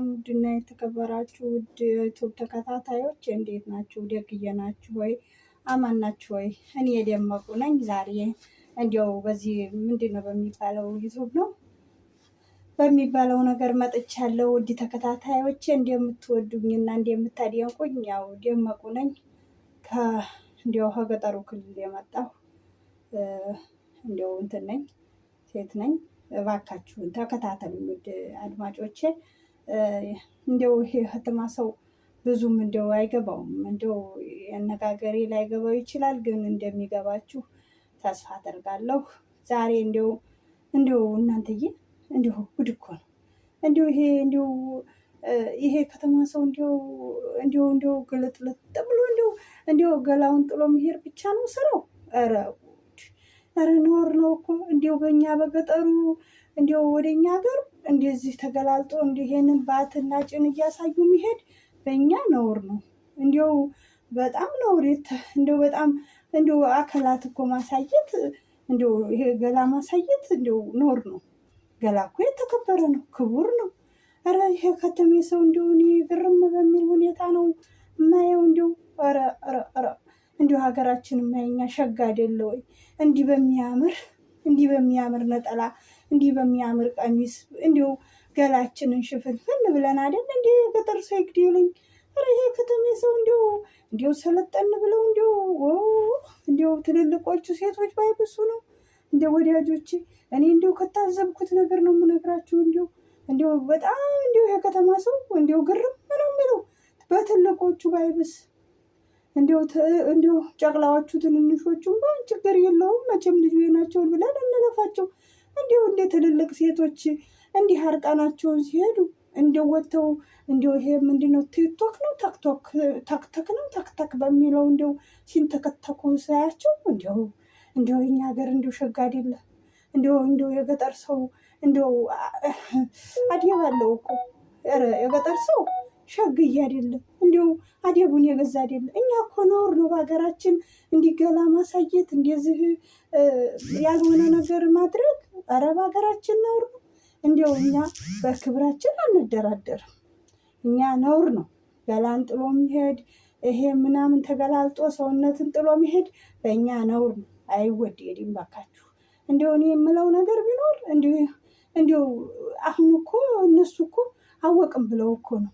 ሰላም ውድና የተከበራችሁ ውድ ዩቱብ ተከታታዮች እንዴት ናችሁ? ደግዬ ናችሁ ወይ? አማን ናችሁ ወይ? እኔ የደመቁ ነኝ። ዛሬ እንዲያው በዚህ ምንድን ነው በሚባለው ዩቱብ ነው በሚባለው ነገር መጥቻለሁ። ውድ ተከታታዮች እንደምትወዱኝና እንደምታደንቁኝ ያው ደመቁ ነኝ። እንዲያው ከገጠሩ ክልል የመጣሁ እንዲያው እንትን ነኝ፣ ሴት ነኝ። እባካችሁን ተከታተሉ ውድ አድማጮቼ። እንደው ይሄ ህትማ ሰው ብዙም እንደው አይገባውም። እንደው አነጋገሬ ላይገባው ይችላል፣ ግን እንደሚገባችሁ ተስፋ አደርጋለሁ። ዛሬ እንደው እንደው እናንተዬ እንደው ጉድ እኮ ነው እንደው ይሄ እንደው ይሄ ከተማ ሰው እንደው እንደው እንደው ግልጥልጥ ብሎ እንደው እንደው ገላውን ጥሎ መሄድ ብቻ ነው ስራው። ኧረ ኧረ ኖር ነው እኮ እንደው በእኛ በገጠሩ እንደው ወደኛ ሀገር እንደዚህ ተገላልጦ እንዲሄንን ባትና ጭን እያሳዩ ሚሄድ በእኛ ነውር ነው። እንዲው በጣም ነውር እንደው በጣም እንደው አካላት እኮ ማሳየት እንደው ይሄ ገላ ማሳየት እንደው ኖር ነው። ገላ እኮ የተከበረ ነው፣ ክቡር ነው። ኧረ ይሄ ከተሜ ሰው እንዲሆን ግርም በሚል ሁኔታ ነው የማየው። እንደው ኧረ ኧረ እንዲሁ ሀገራችን ማየኛ ሸጋ አይደለ ወይ? እንዲህ በሚያምር እንዲህ በሚያምር ነጠላ እንዲህ በሚያምር ቀሚስ እንዲሁ ገላችንን ሽፍንፍን ብለን አይደል እንዲ ገጠር ሰው ይግደለኝ። ኧረ ይሄ ከተሜ ሰው እንዲው እንዲው ሰለጠን ብለው እንዲው እንዲው ትልልቆቹ ሴቶች ባይብሱ ነው እንደ ወዳጆቼ እኔ እንዲሁ ከታዘብኩት ነገር ነው የምነግራችሁ። እንዲው እንዲው በጣም እንዲው የከተማ ሰው እንዲው ግርም ነው የሚለው በትልቆቹ ባይብስ እንዲሁ ጨቅላዎቹ ትንንሾቹ ችግር የለውም መቼም ልጅ ናቸውን ብለን እንለፋቸው። እንዲሁ እንደ ትልልቅ ሴቶች እንዲህ አርቃናቸውን ሲሄዱ እንደወተው እንዲሁ ይሄ ምንድነው ቲክቶክ ነው ታክቶክ ነው ታክታክ በሚለው እንዲሁ ሲንተከተኩ ሳያቸው እንዲሁ እንዲሁ እኛ ሀገር እንዲሁ ሸጋ አይደለ እንዲሁ እንዲሁ የገጠር ሰው እንዲሁ አድባለው እኮ የገጠር ሰው ሸግዬ አይደለም እንዲሁ አደቡን የበዛ አይደለም። እኛ እኮ ነውር ነው በሀገራችን እንዲገላ ማሳየት እንደዚህ ያልሆነ ነገር ማድረግ። ኧረ በሀገራችን ነውር ነው። እንዲው እኛ በክብራችን አንደራደርም። እኛ ነውር ነው ገላን ጥሎ መሄድ፣ ይሄ ምናምን ተገላልጦ ሰውነትን ጥሎ መሄድ በእኛ ነውር ነው፣ አይወደድም። ባካችሁ እንዲሁ እኔ የምለው ነገር ቢኖር እንዲሁ አሁን እኮ እነሱ እኮ አወቅም ብለው እኮ ነው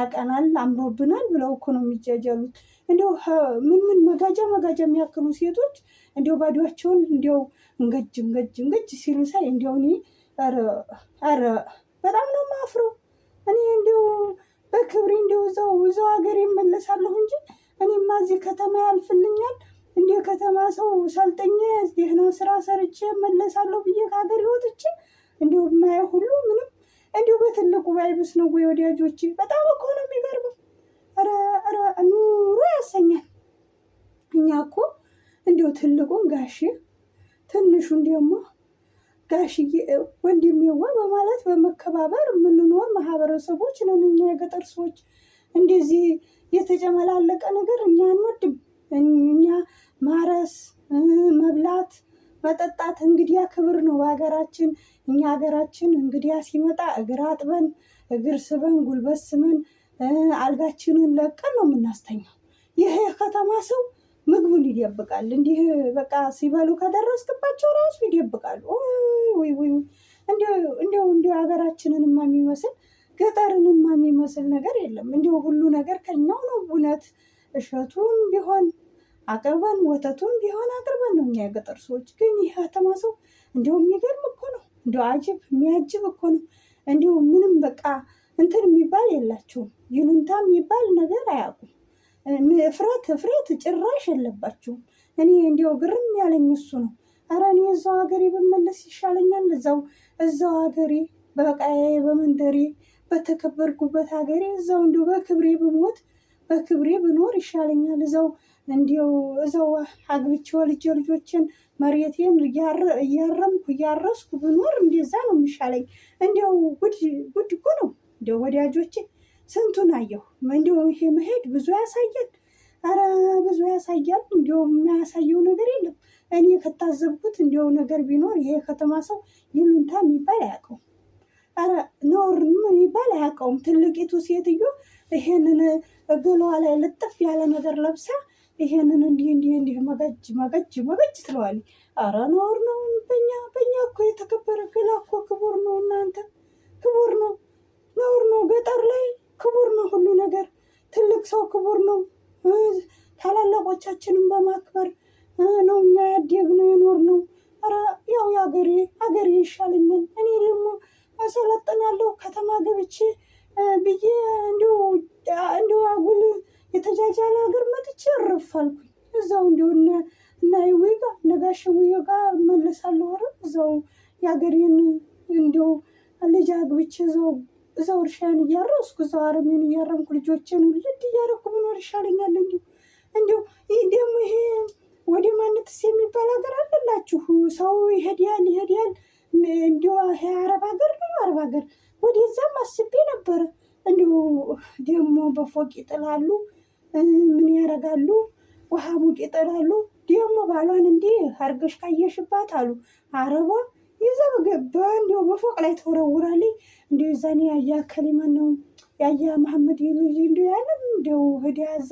አቀናል አምሮብናል ብለው እኮ ነው የሚጃጃሉት። እንዲው ምን ምን መጋጃ መጋጃ የሚያክሉ ሴቶች እንዲው ባዲዋቸውን እንዲው እንገጅ እንገጅ እንገጅ ሲሉ ሳይ እንዲው እኔ ኧረ በጣም ነው ማፍሮ እኔ እንዲው በክብሬ እንዲው እዛው እዛው ሀገር ይመለሳለሁ እንጂ እኔማ እዚህ ከተማ ያልፍልኛል እንዲህ ከተማ ሰው ሰልጠኛ ደህና ስራ ሰርቼ መለሳለሁ ብዬ ከሀገር ይወጥቼ እንዲሁ የማየው ሁሉ ምንም እንዲሁ በትልቁ ባይብስ ነው ወይ ወዳጆች? በጣም እኮ ነው የሚገርመው። ኑሮ ያሰኛል። እኛ እኮ እንዲሁ ትልቁን ጋሽ ትንሹ ደግሞ ጋሽዬ ወንድሜዋ በማለት በመከባበር የምንኖር ማህበረሰቦች ነን እኛ የገጠር ሰዎች። እንደዚህ የተጨመላለቀ ነገር እኛ አንወድም። እኛ ማረስ መብላት መጠጣት እንግዲያ ክብር ነው በሀገራችን። እኛ ሀገራችን እንግዲያ ሲመጣ እግር አጥበን እግር ስበን ጉልበት ስመን አልጋችንን ለቀን ነው የምናስተኛው። ይህ ከተማ ሰው ምግቡን ይደብቃል። እንዲህ በቃ ሲበሉ ከደረስክባቸው ራሱ ይደብቃሉ። እንዲው እንዲው ሀገራችንንማ የሚመስል ገጠርንማ የሚመስል ነገር የለም። እንዲው ሁሉ ነገር ከኛው ነው እውነት እሸቱም ቢሆን አቅርበን ወተቱን ቢሆን አቅርበን ነው እኛ የገጠር ሰዎች። ግን ይህ ከተማ ሰው እንዲሁ የሚገርም እኮ ነው። እንዲ አጅብ የሚያጅብ እኮ ነው። እንዲሁ ምንም በቃ እንትን የሚባል የላቸውም። ይሉንታ የሚባል ነገር አያውቁም። እፍረት እፍረት ጭራሽ የለባቸውም። እኔ እንዲው ግርም ያለኝ እሱ ነው። ኧረ እኔ እዛው ሀገሬ ብመለስ ይሻለኛል። እዛው እዛው ሀገሬ በቃዬ በመንደሬ በተከበርኩበት ሀገሬ እዛው እንዲሁ በክብሬ ብሞት በክብሬ ብኖር ይሻለኛል እዛው እንዲው እዛው አግብቼ ወልጄ ልጆችን መሬቴን እያረምኩ እያረስኩ ብኖር እንደዛ ነው የሚሻለኝ። እንዲው ጉድ ጉድ እኮ ነው እንዲው ወዳጆቼ፣ ስንቱን አየሁ። እንዲው ይሄ መሄድ ብዙ ያሳያል፣ አረ ብዙ ያሳያል። እንዲው የሚያሳየው ነገር የለም። እኔ ከታዘብኩት እንዲው ነገር ቢኖር ይሄ ከተማ ሰው ይሉንታ የሚባል አያውቀውም። አረ ኖር የሚባል አያውቀውም። ትልቂቱ ሴትዮ ይሄንን እግሏ ላይ ልጥፍ ያለ ነገር ለብሳ ይሄንን እንዲህ እንዲህ እንዲህ መገጅ መገጅ መገጅ ትለዋለች። አረ ነውር ነው። በኛ በኛ እኮ የተከበረ ገላ እኮ ክቡር ነው። እናንተ ክቡር ነው፣ ነውር ነው። ገጠር ላይ ክቡር ነው ሁሉ ነገር። ትልቅ ሰው ክቡር ነው። ታላላቆቻችንን በማክበር ነው እኛ ያደግነው የኖርነው። ኧረ ያው የአገሬ አገሬ ይሻለኛል። እኔ ደግሞ እሰለጥናለሁ ከተማ ገብቼ ብዬ እንዲሁ እንዲሁ አጉል የተጃጃለ ሀገር መጥቼ እረፋልኩኝ። እዛው እንዲሆነ እናይዌ ጋር ነጋሸውዬ ጋር መለሳለሁ። ኧረ እዛው የሀገሬን እንዲው ልጅ አግብቼ እዛው እዛው እርሻን እያረስኩ እዛው አረሜን እያረምኩ ልጆችን ልድ እያረኩ ምኖር ይሻለኛል። እንዲ እንዲሁ ይህ ደግሞ ይሄ ወደ ማነትስ የሚባል ሀገር አለላችሁ። ሰው ይሄድያል ይሄድያል። እንዲ አረብ ሀገር ነው አረብ ሀገር ወደዛም አስቤ ነበረ። እንዲሁ ደግሞ በፎቅ ይጥላሉ። ምን ያደርጋሉ? ውሃ ሙቅ ይጥላሉ። ደግሞ ባሏን እንዲህ አርገሽ ካየሽባት አሉ አረቧ ይዛ ገባ እንዲሁ በፎቅ ላይ ተወረውራለች። እንዲ ዛኔ ያያ ከሊማ ነው ያያ መሐመድ እንዲ ያለም ያለ እንዲሁ ህዲያዛ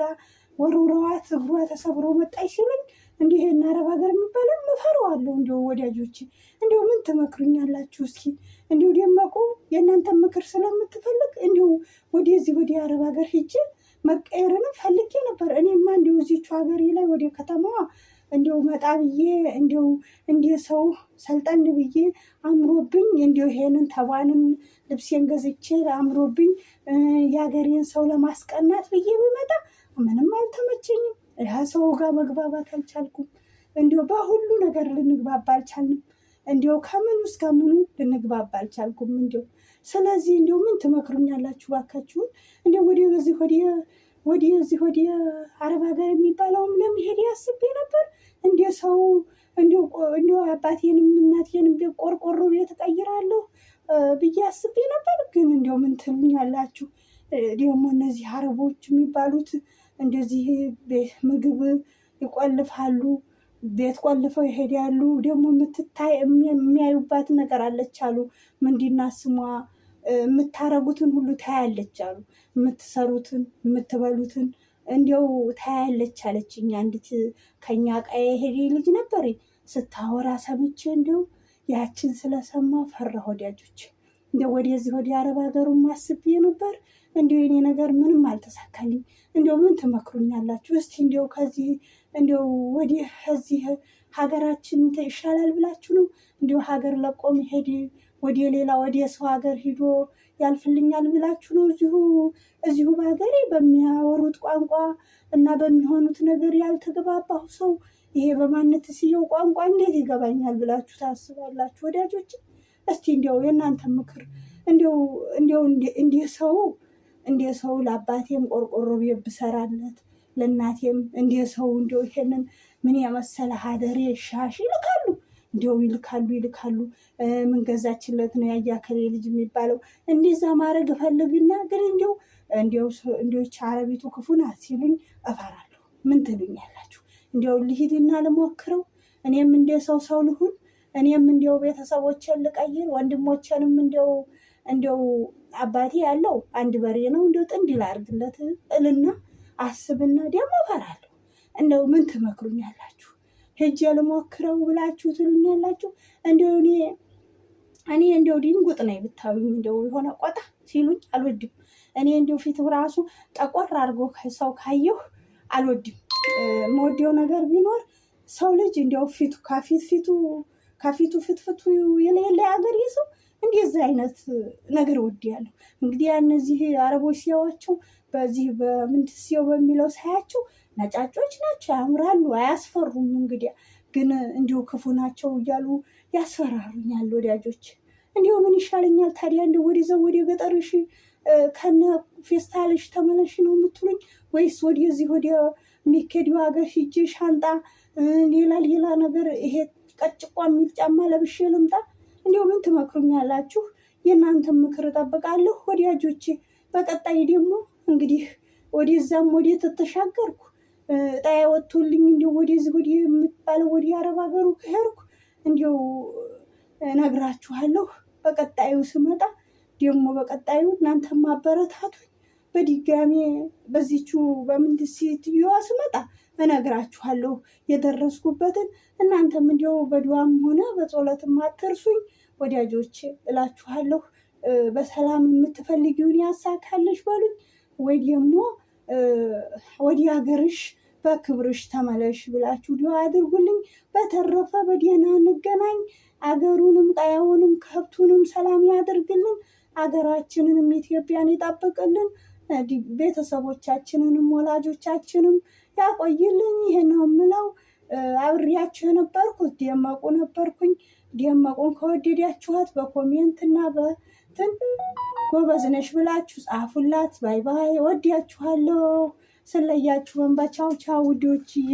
ወርውረዋት እግሯ ተሰብሮ መጣች ሲሉኝ እንዲ ይሄን አረብ ሀገር የሚባለን መፈረዋለሁ። እንዲ ወዳጆች እንዲሁ ምን ትመክሩኛላችሁ? እስኪ እንዲሁ ደመቁ የእናንተ ምክር ስለምትፈልግ እንዲሁ ወደዚህ ወደ አረብ ሀገር ሂጅ መቀየርንም ፈልጌ ነበር። እኔማ እንዲሁ እዚቹ ሀገሬ ላይ ወደ ከተማዋ እንዲሁ መጣ ብዬ እንዲሁ እንዲህ ሰው ሰልጠን ብዬ አምሮብኝ እንዲሁ ይሄንን ተባንን ልብሴን ገዝቼ አምሮብኝ የሀገሬን ሰው ለማስቀናት ብዬ ብመጣ ምንም አልተመቸኝም። ያ ሰው ጋር መግባባት አልቻልኩም። እንዲሁ በሁሉ ነገር ልንግባባ አልቻልንም። እንዲሁ ከምኑ እስከ ምኑ ልንግባባ አልቻልኩም። እንዲያው ስለዚህ እንዲያው ምን ትመክሩኛላችሁ ባካችሁን? እንዲያው ወዲ በዚህ ወዲ ወዲ እዚህ ወዲ አረብ ሀገር የሚባለውም ለመሄድ ያስቤ ነበር። እንደ ሰው እንዲ አባቴንም እናቴንም ቆርቆሮ ቤት እቀይራለሁ ብዬ አስቤ ነበር። ግን እንዲያው ምን ትሉኛላችሁ? ደግሞ እነዚህ አረቦች የሚባሉት እንደዚህ ምግብ ይቆልፋሉ ቤት ቆልፈው ይሄዳሉ። ደግሞ የምትታይ የሚያዩባት ነገር አለች አሉ። ምንዲና ስሟ የምታረጉትን ሁሉ ታያለች አሉ። የምትሰሩትን የምትበሉትን እንዲው ታያለች አለች። እኛ ከኛ ቀዬ ሄዴ ልጅ ነበር ስታወራ ሰምቼ እንዲሁ ያችን ስለሰማ ፈራ ወዳጆች እንደ ወደዚህ ወደ አረብ ሀገሩ ማስብ ነበር። እንዲሁ የኔ ነገር ምንም አልተሳካልኝ፣ እንዲሁ ምን ትመክሩኛላችሁ? እስቲ እንዲሁ ከዚህ እንዲሁ ወዲህ ከዚህ ሀገራችን ይሻላል ብላችሁ ነው እንዲሁ ሀገር ለቆ መሄድ ወደ ሌላ ወደ ሰው ሀገር ሂዶ ያልፍልኛል ብላችሁ ነው እዚሁ እዚሁ በሀገሬ በሚያወሩት ቋንቋ እና በሚሆኑት ነገር ያልተገባባሁ ሰው ይሄ በማነት ስየው ቋንቋ እንዴት ይገባኛል ብላችሁ ታስባላችሁ? ወዳጆች እስቲ እንዲያው የእናንተ ምክር እንዲያው እንዲያው እንዲህ ሰው እንደ ሰው ለአባቴም ቆርቆሮ ቤት ብሰራለት ለእናቴም እንደ ሰው እንዲያው ይሄንን ምን የመሰለ ሀደሬ ሻሽ ይልካሉ፣ እንዲያው ይልካሉ ይልካሉ። ምንገዛችለት ነው ያያከሌ ልጅ የሚባለው እንዲዛ ማድረግ እፈልግና ግን እንዲያው እንዲዎች አረቢቱ ክፉ ናት ሲሉኝ እፈራለሁ። ምን ትሉኛላችሁ? እንዲያው ልሂድና ልሞክረው እኔም እንደ ሰው ሰው ልሁን እኔም እንዲያው ቤተሰቦችን ልቀይር ወንድሞቼንም እንዲያው እንደው አባቴ ያለው አንድ በሬ ነው እንደው ጥንድ ላርግለት እልና አስብና ደግሞ እፈራለሁ። እንደው ምን ትመክሩኛላችሁ? ሄጄ ልሞክረው ብላችሁ ትሉኛላችሁ? እንደው እኔ እኔ እንደው ድንጉጥ ነኝ ብታዩኝ እንደው የሆነ ቆጣ ሲሉኝ አልወድም። እኔ እንደው ፊት ራሱ ጠቆር አድርጎ ሰው ካየሁ አልወድም። መወደው ነገር ቢኖር ሰው ልጅ እንዲያው ፊቱ ከፊት ፊቱ ከፊቱ ፍትፍቱ የሌለ ሀገር ይዘው እንደዚህ አይነት ነገር ውድ ያለው እንግዲህ እነዚህ አረቦች ሲያዋቸው በዚህ በምንድን ሲው በሚለው ሳያቸው ነጫጮች ናቸው፣ ያምራሉ፣ አያስፈሩም። እንግዲያ ግን እንዲሁ ክፉ ናቸው እያሉ ያስፈራሩኛል ወዳጆች። እንዲሁ ምን ይሻለኛል ታዲያ? እንደ ወደዛ ወደ ገጠርሽ ከነ ፌስታልሽ ተመለሽ ነው የምትሉኝ ወይስ ወደዚህ ወደ ሚኬድ ሀገር ሂጅ ሻንጣ ሌላ ሌላ ነገር ይሄ ቀጭቋ የሚል ጫማ ለብሼ ልምጣ እንዲሁ ምን ትመክሩኛላችሁ? የእናንተን ምክር እጠብቃለሁ ወዳጆቼ። በቀጣይ ደግሞ እንግዲህ ወደዛም ወደ ተተሻገርኩ ጣያ ወጥቶልኝ እንዲሁ ወደዚህ ወዲ የምትባለው ወዲ አረብ ሀገሩ ከሄድኩ እንዲሁ ነግራችኋለሁ። በቀጣዩ ስመጣ ደግሞ በቀጣዩ እናንተ ማበረታቱኝ። በድጋሜ በዚቹ በምንድን ሴትዮዋ ስመጣ እነግራችኋለሁ የደረስኩበትን። እናንተም እንዲያው በድዋም ሆነ በጸሎትም አትርሱኝ ወዳጆች እላችኋለሁ። በሰላም የምትፈልጊውን ያሳካልሽ በሉኝ ወይ ደግሞ ወዲ ሀገርሽ በክብርሽ ተመለሽ ብላችሁ ዲ አድርጉልኝ። በተረፈ በደህና እንገናኝ። አገሩንም ቀያውንም ከብቱንም ሰላም ያደርግልን። አገራችንንም ኢትዮጵያን ይጠብቅልን። ቤተሰቦቻችንንም ወላጆቻችንም ያቆይልኝ። ይህነው ነው የምለው። አብሬያችሁ የነበርኩት ደመቁ ነበርኩኝ። ደመቁን ከወደዳችኋት እና በትን ጎበዝ ነሽ ብላችሁ ጻፉላት። ባይ ባይ። ወዲያችኋለሁ። ስለያችሁ በቻው ቻው ውዶችዬ።